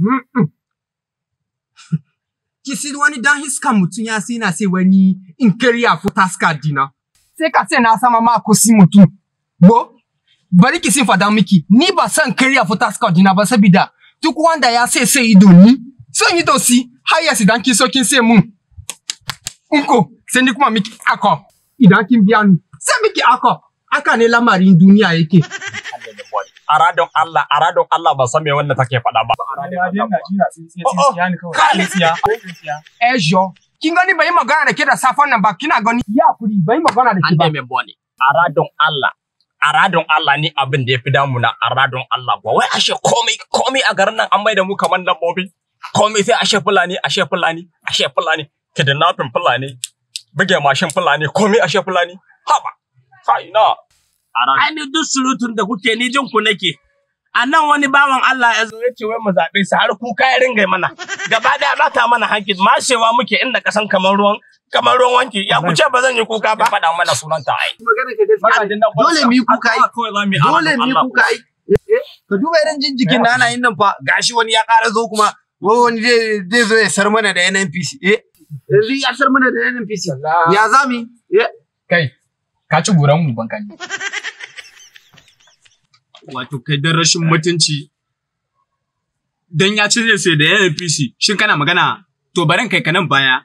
kisi wani dan hiska mutum ya sai na sai wani in kariya fo taska dina sai ka sai na sama ma ko si mutum bo bari ki sin fada miki ni ba san kariya fo taska dina ba sabida duk wanda ya sai sai ido ni sai ido si har ya si dan kin so kin sai mun unko sai ni kuma miki akọ idan kin biya ni sai miki akọ aka ne lamarin duniya yake aradon Allah aradon Allah ba san me wannan take faɗa ba oh, oh. ejo kin gani bai magana da ke da safan nan ba kina gani ya kuri bai magana da ke ba me bone aradon Allah aradon Allah ne abin da ya fi damu na aradon Allah ba wai ashe komai komai a garin nan an mai da mu kamar lambobi komai sai ashe fulani ashe fulani ashe fulani kidnapping fulani buge mashin fulani komai ashe fulani haba kai Ani duk surutun da kuke ni jin ku nake. A nan wani bawan Allah ya zo ya ce wai mu zaɓe su har kuka ya ringa mana. Gaba daya ta mana Ma mashewa muke inda ƙasan kamar ruwan kamar ruwan wanki ya ku ce ba zan yi kuka ba. Faɗa mana sunan ta ai. Dole mu yi kuka ai. Dole mu yi kuka ai. Eh, eh. Ka duba irin jin jikin na yin nan fa gashi wani ya ƙara zo kuma wani zai zo ya sar mana da NNPC. Eh. Yanzu ya sar mana da NNPC. Ya zami. Eh. Kai. ka ci guran mu bankan wato kai dan rashin mutunci dan ya cire sai da APC shin kana magana to barin kai ka nan baya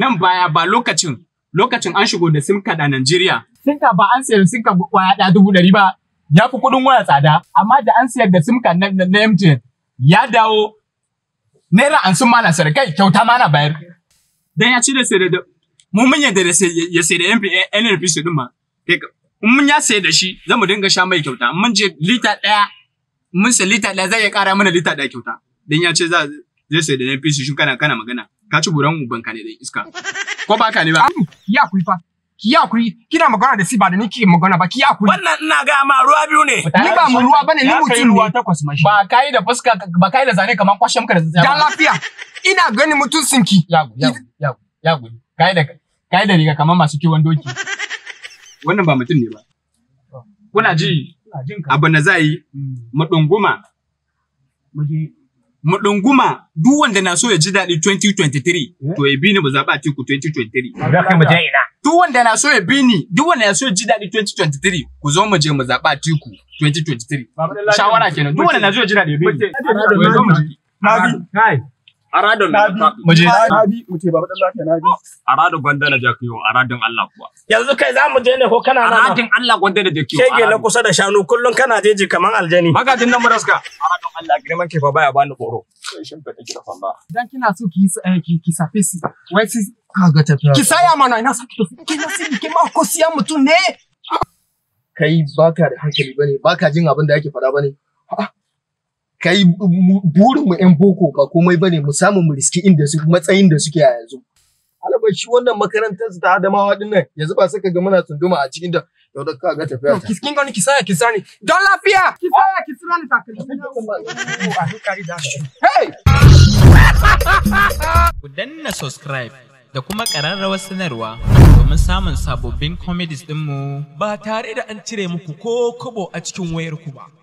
nan baya ba lokacin lokacin an shigo da sim card a Najeriya sim card ba an sayar sim card kwaya da dubu ɗari ba ya fi kuɗin waya tsada amma da an sayar da sim card na, MTN ya dawo naira an sun mana sarkai kyauta mana bayar dan ya cire sai da mu mun yadda da ya sai da NPC din ma in mun ya saye da shi za mu dinga sha mai kyauta mun je lita ɗaya mun sai lita ɗaya zai ya ƙara mana lita ɗaya kyauta dan ya ce za zai saye da na fi shi kana kana magana ka ci buran uban ka ne da iska ko ba ka ne ba ya kuri fa ki ya kuri kina magana da si ba da ni ki magana ba ki ya kuri wannan ina ga ma ruwa biyu ne ni ba mu ruwa bane ni mutum ruwa takwas mashi ba kai da fuska ba kai da zane kamar kwashe maka da zane dan lafiya ina gani mutuncinki ya ya ya ya kai da kai da riga kamar masu kiwon doki wannan ba mutum ne ba kuna ji abu na zai yi mu duk wanda na so ya ji daɗi 2023 to ya bi ni ba zaɓa tiku 2023 duk wanda na so ya bi ni duk wanda na so ya ji daɗi 2023 ku zo mu je mu zaɓa tiku 2023 shawara kenan duk wanda na so ya ji daɗi ya bi ni aradon muje nabi muje baba dan lafiya nabi aradon gwanda na jakiyo aradon Allah kuwa yanzu kai za mu je ne ko kana nan aradon Allah gwanda da jakiyo shege na kusa da shanu kullun kana jeji kaman aljani magajin nan muraska aradon Allah girman ke fa baya bani tsoro shin fa kike fa ba dan kina so ki eh, ki ki safesi wai si kaga tafiya ki saya mana ina saki to kina sani ki ma ko siya mutum ne kai baka da hankali bane baka jin abin da yake fada bane kai burin mu yan boko ba komai bane mu samu mu riski inda su matsayin da suke a yanzu alabar shi wannan makarantar su ta adamawa din nan yanzu ba saka ga muna tunduma a cikin da yau da ka ga tafiya ta kiskin gani ki sani don lafiya kisaya kisani takalmi a hankali da shi ku danna subscribe da kuma ƙararrawar sanarwa domin samun sabobin comedies dinmu ba tare da an cire muku ko kobo a cikin wayarku ba